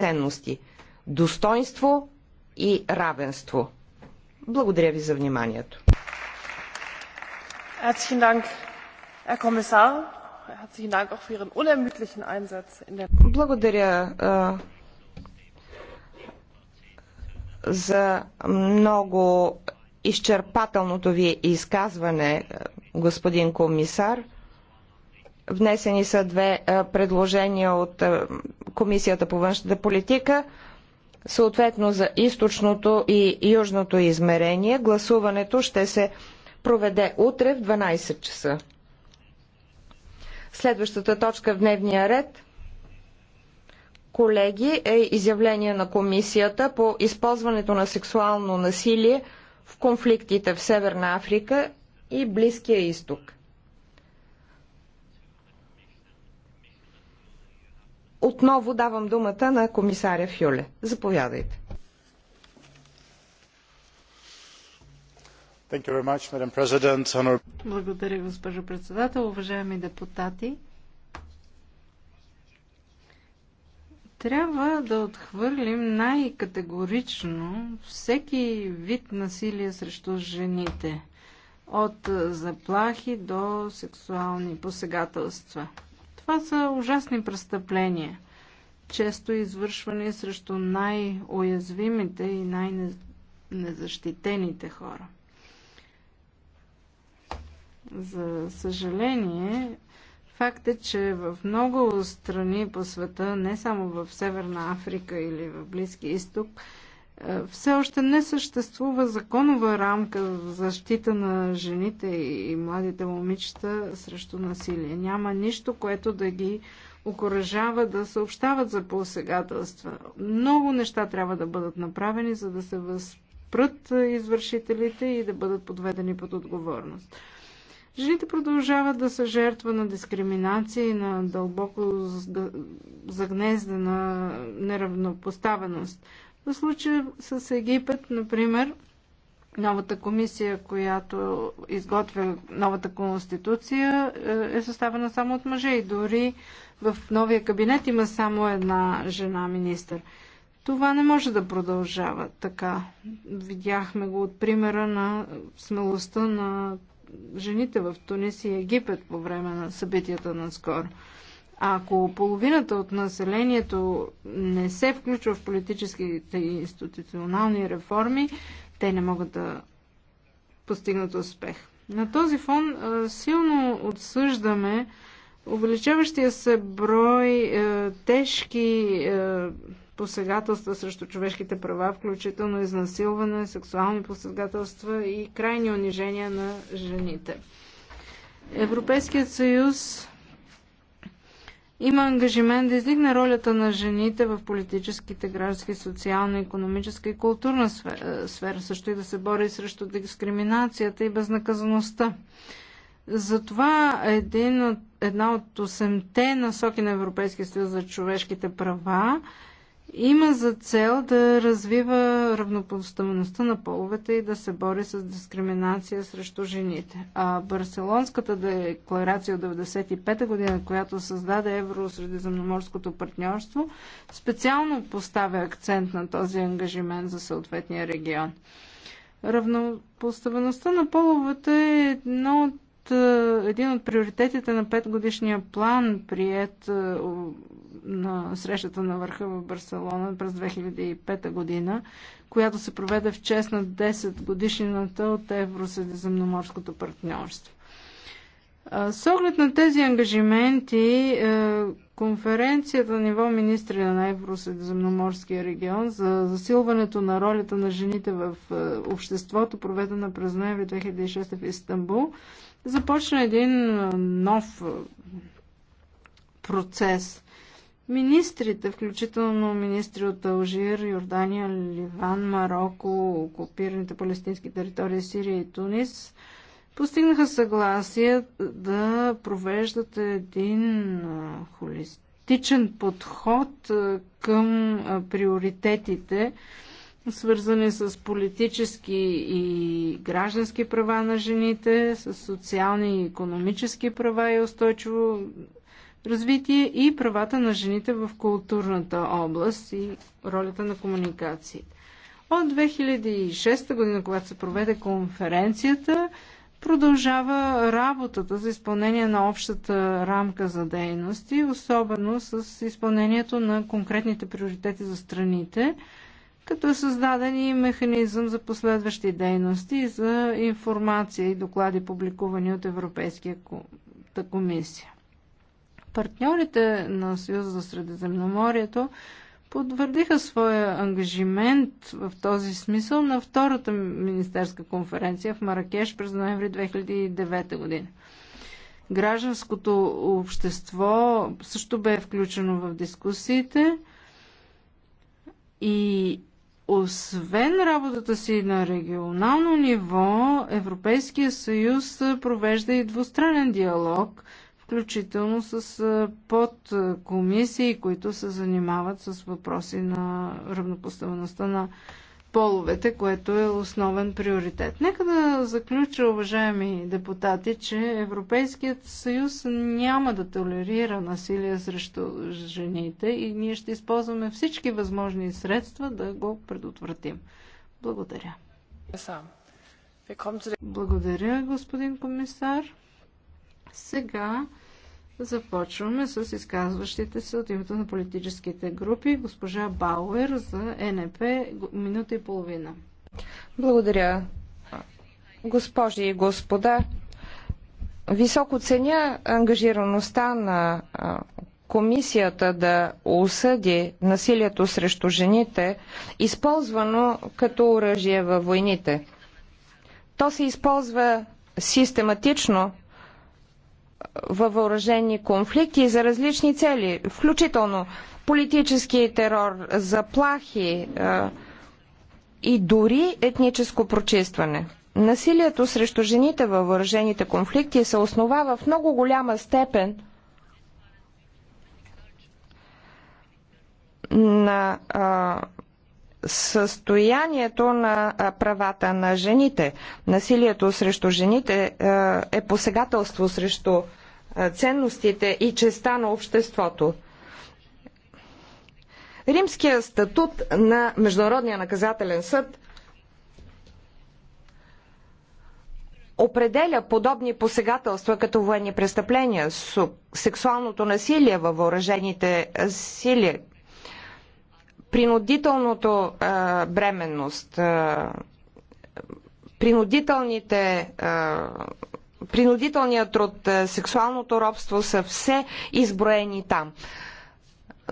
ценности – достоинство и равенство. Благодаря ви за вниманието. Благодаря за много изчерпателното ви изказване, господин комисар. Внесени са две предложения от Комисията по външната политика, съответно за източното и южното измерение. Гласуването ще се проведе утре в 12 часа. Следващата точка в дневния ред – колеги, е изявление на комисията по използването на сексуално насилие в конфликтите в Северна Африка и Близкия изток. Отново давам думата на комисаря Фюле. Заповядайте. Благодаря, госпожо председател. Уважаеми депутати, трябва да отхвърлим най-категорично всеки вид насилие срещу жените, от заплахи до сексуални посегателства. Това са ужасни престъпления, често извършвани срещу най-уязвимите и най-незащитените хора. За съжаление, факт е, че в много страни по света, не само в Северна Африка или в Близки изток, е, все още не съществува законова рамка за защита на жените и младите момичета срещу насилие. Няма нищо, което да ги окоръжава да съобщават за посегателства. Много неща трябва да бъдат направени, за да се възпрат извършителите и да бъдат подведени под отговорност. Жените продължават да са жертва на дискриминация и на дълбоко загнездена неравнопоставеност. В случая с Египет, например, новата комисия, която изготвя новата конституция, е, е съставена само от мъже и дори в новия кабинет има само една жена министър. Това не може да продължава така. Видяхме го от примера на смелостта на жените в Тунис и Египет по време на събитията наскоро. Ако половината от населението не се включва в политическите и институционални реформи, те не могат да постигнат успех. На този фон силно отсъждаме увеличаващия се брой тежки посегателства срещу човешките права, включително изнасилване, сексуални посегателства и крайни унижения на жените. Европейският съюз има ангажимент да издигне ролята на жените в политическите, граждански, социална, економическа и културна е, сфера, също и да се бори срещу дискриминацията и безнаказаността. Затова един от, една от осемте насоки на Европейския съюз за човешките права има за цел да развива равнопоставеността на половете и да се бори с дискриминация срещу жените. А Барселонската декларация от 1995 година, която създаде Евросредиземноморското партньорство, специално поставя акцент на този ангажимент за съответния регион. Равнопоставеността на половете е едно от е, един от приоритетите на петгодишния план, прият е, на срещата на върха в Барселона през 2005 година, която се проведе в чест на 10 годишнината от Евросъдиземноморското партньорство. С оглед на тези ангажименти, е, конференцията на ниво министри на Евросъдиземноморския регион за засилването на ролята на жените в обществото, проведена през ноември 2006 в Истанбул, започна един нов процес. Министрите, включително министри от Алжир, Йордания, Ливан, Марокко, окупираните палестински територии Сирия и Тунис, постигнаха съгласие да провеждат един холистичен подход към приоритетите свързани с политически и граждански права на жените, с социални и економически права и устойчиво развитие и правата на жените в културната област и ролята на комуникациите. От 2006 година, когато се проведе конференцията, продължава работата за изпълнение на общата рамка за дейности, особено с изпълнението на конкретните приоритети за страните – като е създаден и механизъм за последващи дейности за информация и доклади, публикувани от Европейската комисия. Партньорите на Съюза за Средиземноморието потвърдиха своя ангажимент в този смисъл на втората министерска конференция в Маракеш през ноември 2009 година. Гражданското общество също бе включено в дискусиите и освен работата си на регионално ниво, Европейския съюз провежда и двустранен диалог, включително с подкомисии, които се занимават с въпроси на равнопоставеността на половете, което е основен приоритет. Нека да заключа, уважаеми депутати, че Европейският съюз няма да толерира насилие срещу жените и ние ще използваме всички възможни средства да го предотвратим. Благодаря. Благодаря, господин комисар. Сега Започваме с изказващите се от името на политическите групи. Госпожа Бауер за НП, минута и половина. Благодаря. Госпожи и господа, високо ценя ангажираността на комисията да осъди насилието срещу жените, използвано като оръжие във войните. То се използва систематично във въоръжени конфликти за различни цели, включително политически терор, заплахи е, и дори етническо прочистване. Насилието срещу жените във въоръжените конфликти се основава в много голяма степен на състоянието на правата на жените. Насилието срещу жените е, е посегателство срещу ценностите и честа на обществото. Римският статут на Международния наказателен съд определя подобни посегателства като военни престъпления, сексуалното насилие във въоръжените сили, принудителното а, бременност, а, принудителните а, принудителният труд, а, сексуалното робство са все изброени там.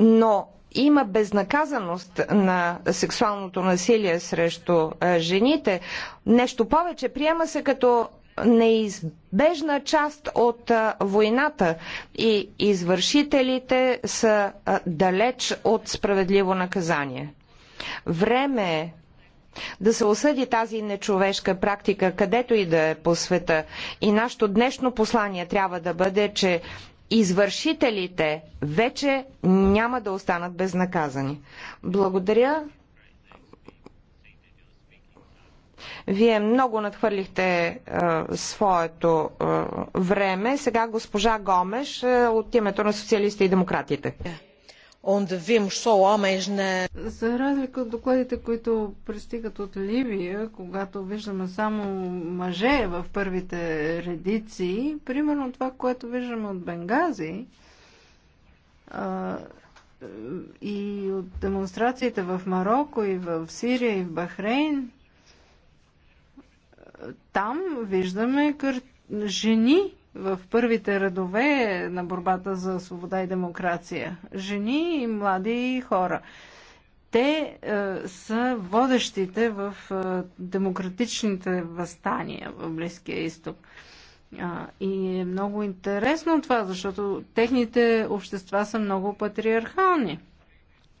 Но има безнаказаност на сексуалното насилие срещу а, жените. Нещо повече, приема се като неизбежна част от войната и извършителите са далеч от справедливо наказание. Време е да се осъди тази нечовешка практика, където и да е по света. И нашето днешно послание трябва да бъде, че извършителите вече няма да останат безнаказани. Благодаря. Вие много надхвърлихте а, е, своето а, е, време. Сега госпожа Гомеш а, е, от името на социалисти и демократите. За разлика от докладите, които пристигат от Ливия, когато виждаме само мъже в първите редици, примерно това, което виждаме от Бенгази, и от демонстрациите в Марокко, и в Сирия, и в Бахрейн, там виждаме кър... жени в първите редове на борбата за свобода и демокрация. Жени и млади хора. Те е, са водещите в е, демократичните възстания в Близкия изток. А, и е много интересно това, защото техните общества са много патриархални.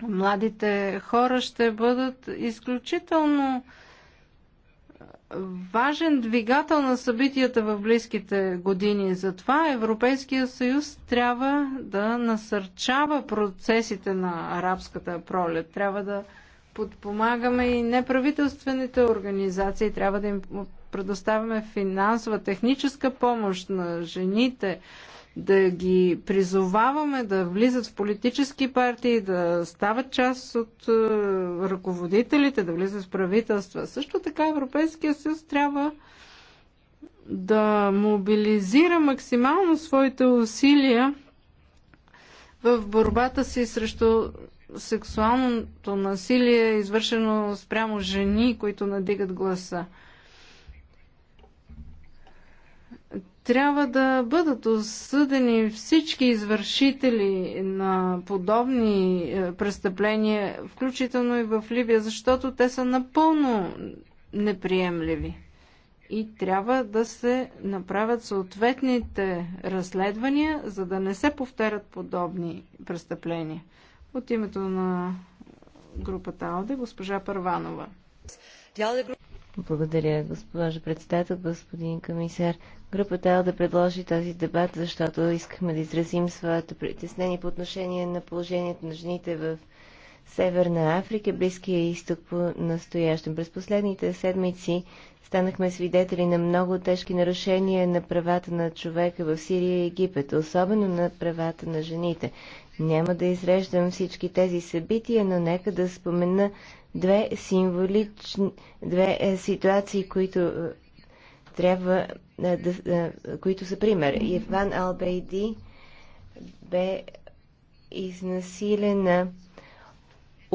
Младите хора ще бъдат изключително важен двигател на събитията в близките години. Затова Европейския съюз трябва да насърчава процесите на арабската пролет. Трябва да подпомагаме и неправителствените организации. Трябва да им предоставяме финансова, техническа помощ на жените, да ги призоваваме да влизат в политически партии, да стават част от е, ръководителите, да влизат в правителства. Също така Европейския съюз трябва да мобилизира максимално своите усилия в борбата си срещу сексуалното насилие, извършено спрямо жени, които надигат гласа. трябва да бъдат осъдени всички извършители на подобни е, престъпления, включително и в Ливия, защото те са напълно неприемливи. И трябва да се направят съответните разследвания, за да не се повтарят подобни престъпления. От името на групата АЛДЕ, госпожа Първанова. Благодаря, госпожо председател, господин комисар. Групата е да предложи този дебат, защото искахме да изразим своето притеснение по отношение на положението на жените в Северна Африка, Близкия изток по настоящем. През последните седмици Станахме свидетели на много тежки нарушения на правата на човека в Сирия и Египет, особено на правата на жените. Няма да изреждам всички тези събития, но нека да спомена две символични, две е, ситуации, които е, трябва е, да, е, които са пример. Иван Албейди бе изнасилена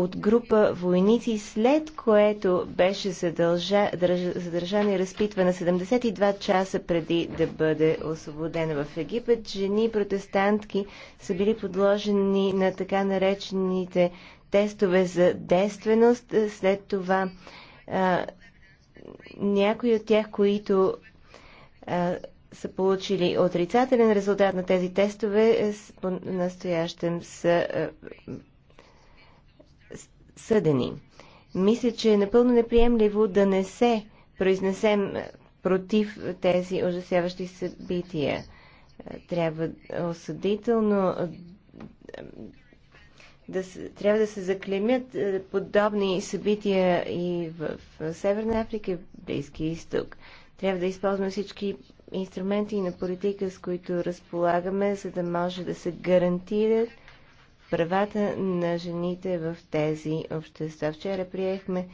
от група войници, след което беше задължа, задържана и разпитвана 72 часа преди да бъде освободена в Египет. Жени протестантки са били подложени на така наречените тестове за действеност. След това а, някои от тях, които а, са получили отрицателен резултат на тези тестове, по настоящем са а, съдени. Мисля, че е напълно неприемливо да не се произнесем е, против тези ужасяващи събития. Е, трябва осъдително е, да се, трябва да се заклемят подобни събития и в Северна Африка, и в Близки изток. Трябва да използваме всички инструменти на политика, с които разполагаме, за да може да се гарантират правата на жените в тези общества. Вчера приехме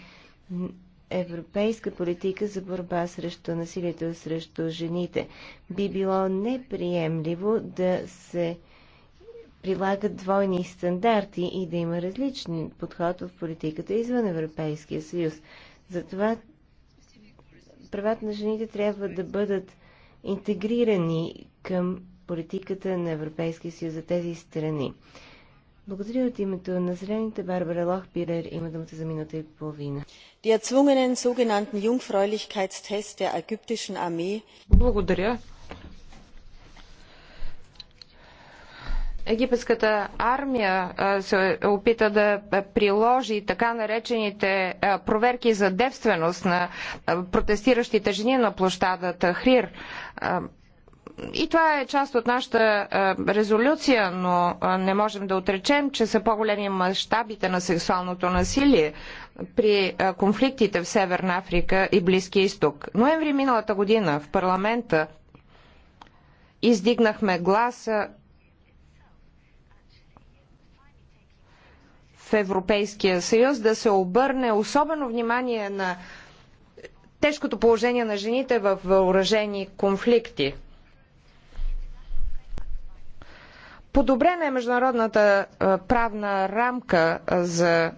европейска политика за борба срещу насилието срещу жените. Би било неприемливо да се прилагат двойни стандарти и да има различен подход в политиката извън Европейския съюз. Затова правата на жените трябва да бъдат интегрирани към политиката на Европейския съюз за тези страни. Благодаря от името на зрените Барбара Лохпирер има думата за минута и половина. Благодаря. Египетската армия се опита да приложи така наречените проверки за девственост на протестиращите жени на площада Тахрир и това е част от нашата е, резолюция, но е, не можем да отречем, че са по-големи мащабите на сексуалното насилие при е, конфликтите в Северна Африка и Близкия изток. Ноември миналата година в парламента издигнахме гласа в Европейския съюз да се обърне особено внимание на тежкото положение на жените в въоръжени конфликти. Подобрена е международната е, правна рамка е, за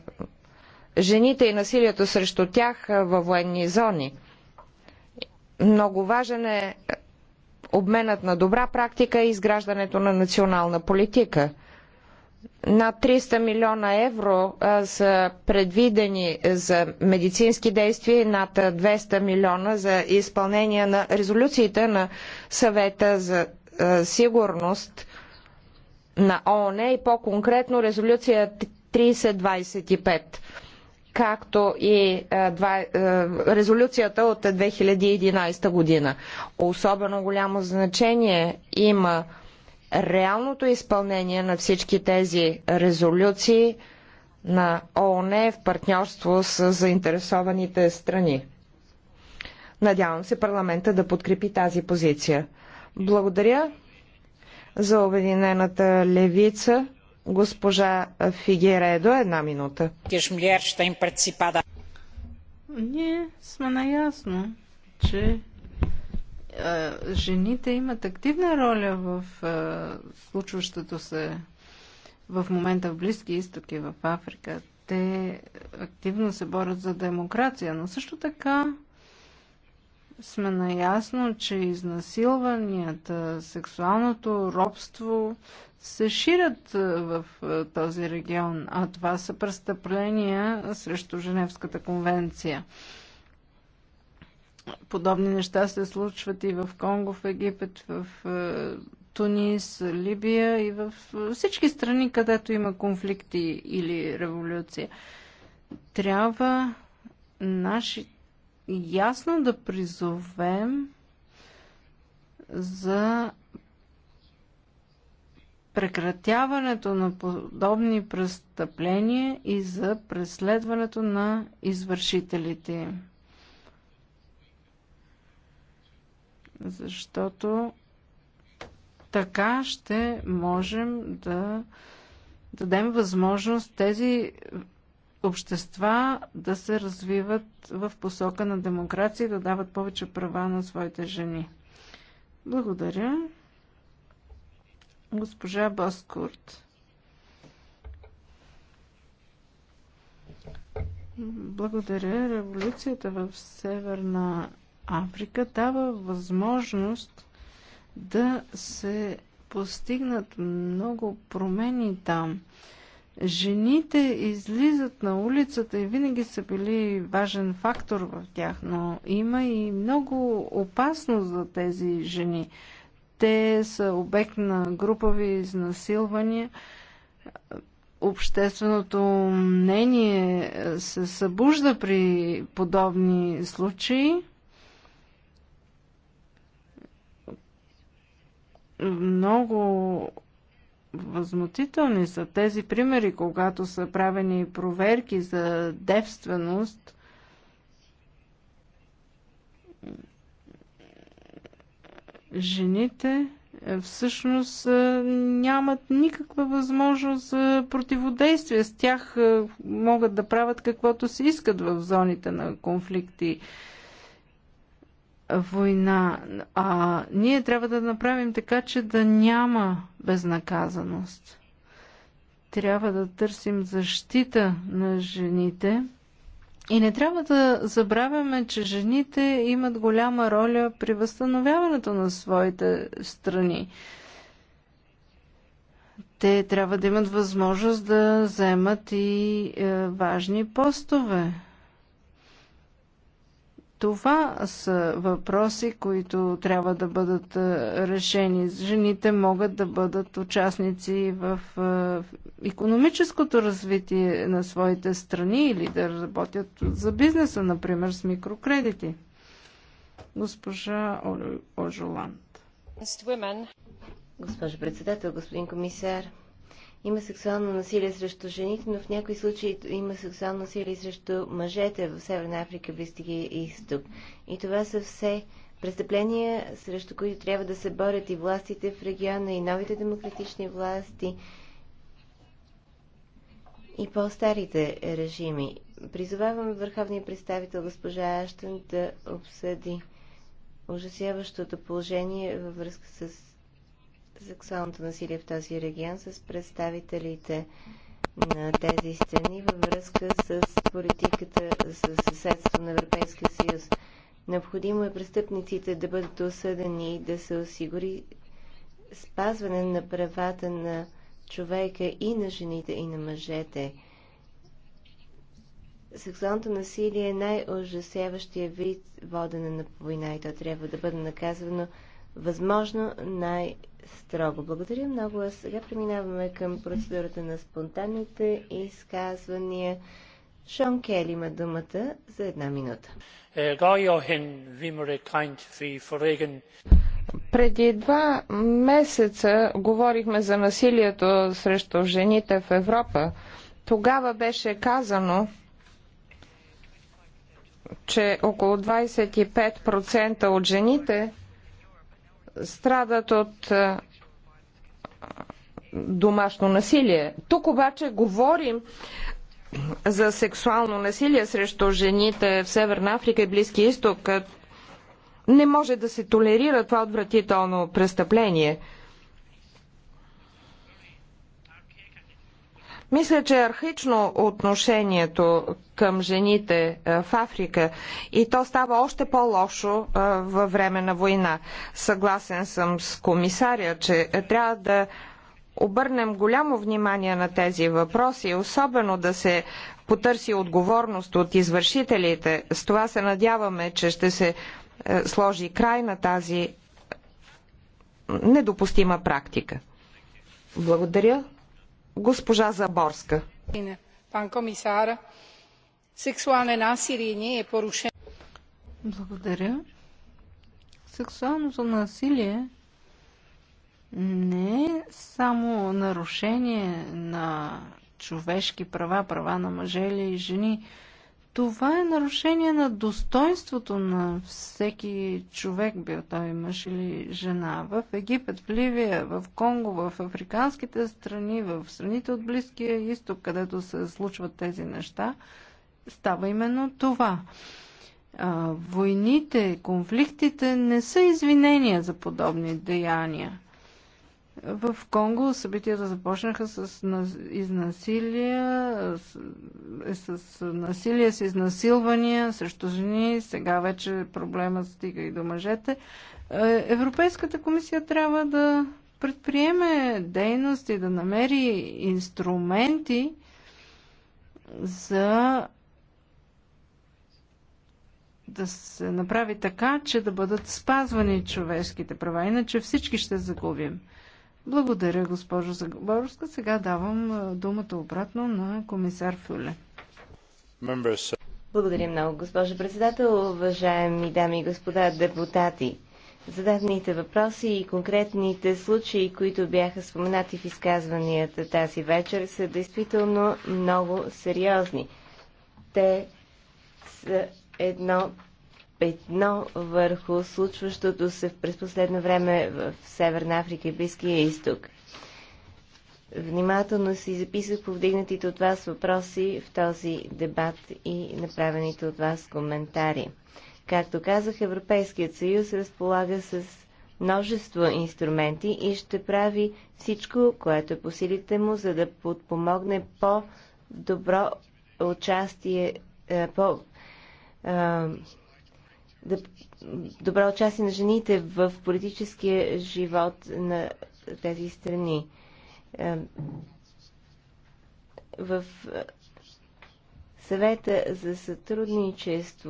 жените и насилието срещу тях е, във военни зони. Много важен е обменът на добра практика и изграждането на национална политика. Над 300 милиона евро са предвидени за медицински действия и над 200 милиона за изпълнение на резолюциите на съвета за сигурност на ООН и по-конкретно резолюция 3025, както и е, два, е, резолюцията от 2011 година. Особено голямо значение има реалното изпълнение на всички тези резолюции на ООН в партньорство с заинтересованите страни. Надявам се парламента да подкрепи тази позиция. Благодаря за Обединената левица госпожа Фигередо. Една минута. Ние сме наясно, че е, жените имат активна роля в е, случващото се в момента в Близки изтоки, в Африка. Те активно се борят за демокрация, но също така сме наясно, че изнасилванията, сексуалното робство се ширят е, в е, този регион, а това са престъпления срещу Женевската конвенция. Подобни неща се случват и в Конго, в Египет, в е, Тунис, Либия и в всички страни, където има конфликти или революция. Трябва нашите ясно да призовем за прекратяването на подобни престъпления и за преследването на извършителите. Защото така ще можем да дадем възможност тези общества да се развиват в посока на демокрация и да дават повече права на своите жени. Благодаря. Госпожа Баскурт. Благодаря. Революцията в Северна Африка дава възможност да се постигнат много промени там. Жените излизат на улицата и винаги са били важен фактор в тях, но има и много опасност за тези жени. Те са обект на групови изнасилвания. Общественото мнение е, се събужда при подобни случаи. много Възмутителни са тези примери, когато са правени проверки за девственост. Жените е, всъщност е, нямат никаква възможност за противодействие. С тях е, могат да правят каквото си искат в зоните на конфликти война. А ние трябва да направим така, че да няма безнаказаност. Трябва да търсим защита на жените. И не трябва да забравяме, че жените имат голяма роля при възстановяването на своите страни. Те трябва да имат възможност да вземат и е, важни постове това са въпроси, които трябва да бъдат е, решени. Жените могат да бъдат участници в економическото развитие на своите страни или да работят за бизнеса, например с микрокредити. Госпожа Ожоланд. Госпожо председател, господин комисар, има сексуално насилие срещу жените, но в някои случаи има сексуално насилие срещу мъжете в Северна Африка, и изток. И това са все престъпления, срещу които трябва да се борят и властите в региона, и новите демократични власти, и по-старите режими. Призовавам върховния представител госпожа Аштън да обсъди ужасяващото положение във връзка с сексуалното насилие в този регион с представителите на тези страни във връзка с политиката за съседство на Европейския съюз. Необходимо е престъпниците да бъдат осъдени и да се осигури спазване на правата на човека и на жените и на мъжете. Сексуалното насилие е най-ужасяващия вид водене на война и то трябва да бъде наказвано възможно най-строго. Благодаря много. А сега преминаваме към процедурата на спонтанните изказвания. Шон Кели има думата за една минута. Е, Преди два месеца говорихме за насилието срещу жените в Европа. Тогава беше казано, че около 25% от жените страдат от домашно насилие. Тук обаче говорим за сексуално насилие срещу жените в Северна Африка и Близкия изток. Не може да се толерира това отвратително престъпление. Мисля, че е архично отношението към жените е, в Африка и то става още по-лошо е, във време на война. Съгласен съм с комисаря, че трябва да обърнем голямо внимание на тези въпроси, особено да се потърси отговорност от извършителите. С това се надяваме, че ще се е, сложи край на тази недопустима практика. Благодаря. Госпожа Заборска. Пан комисар, сексуалне насилие не е порушено. Благодаря. Сексуалното насилие не е само нарушение на човешки права, права на мъже или жени. Това е нарушение на достоинството на всеки човек, бил той мъж или жена. В Египет, в Ливия, в Конго, в африканските страни, в страните от Близкия изток, където се случват тези неща, става именно това. войните, конфликтите не са извинения за подобни деяния. В Конго събитията започнаха с изнасилия, с, е с насилие, с изнасилвания срещу жени. Сега вече проблема стига и до мъжете. Е, Европейската комисия трябва да предприеме дейности, да намери инструменти за да се направи така, че да бъдат спазвани човешките права. Иначе всички ще загубим. Благодаря, госпожо Загоборска. Сега давам думата обратно на комисар Фюле. Благодаря много, госпожо председател. Уважаеми дами и господа депутати, зададените въпроси и конкретните случаи, които бяха споменати в изказванията тази вечер, са действително много сериозни. Те са едно петно върху случващото се през последно време в Северна Африка и Близкия изток. Внимателно си записах повдигнатите от вас въпроси в този дебат и направените от вас коментари. Както казах, Европейският съюз разполага с множество инструменти и ще прави всичко, което е по силите му, за да подпомогне по-добро участие, е, по е, да, добра участие на жените в политическия живот на тези страни. В е, съвета за сътрудничество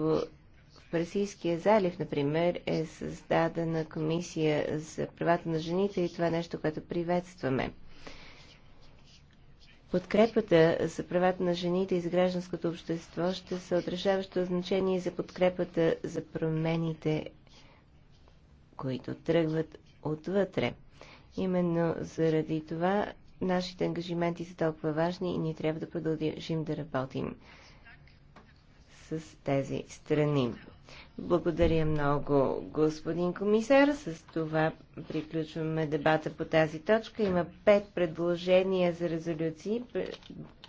в Персийския залив, например, е създадена комисия за правата на жените и това е нещо, което приветстваме. Подкрепата за правата на жените и за гражданското общество ще са отрешаващо значение за подкрепата за промените, които тръгват отвътре. Именно заради това нашите ангажименти са толкова важни и ние трябва да продължим да работим с тези страни. Благодаря много, господин комисар. С това приключваме дебата по тази точка. Има пет предложения за резолюции,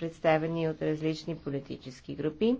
представени от различни политически групи.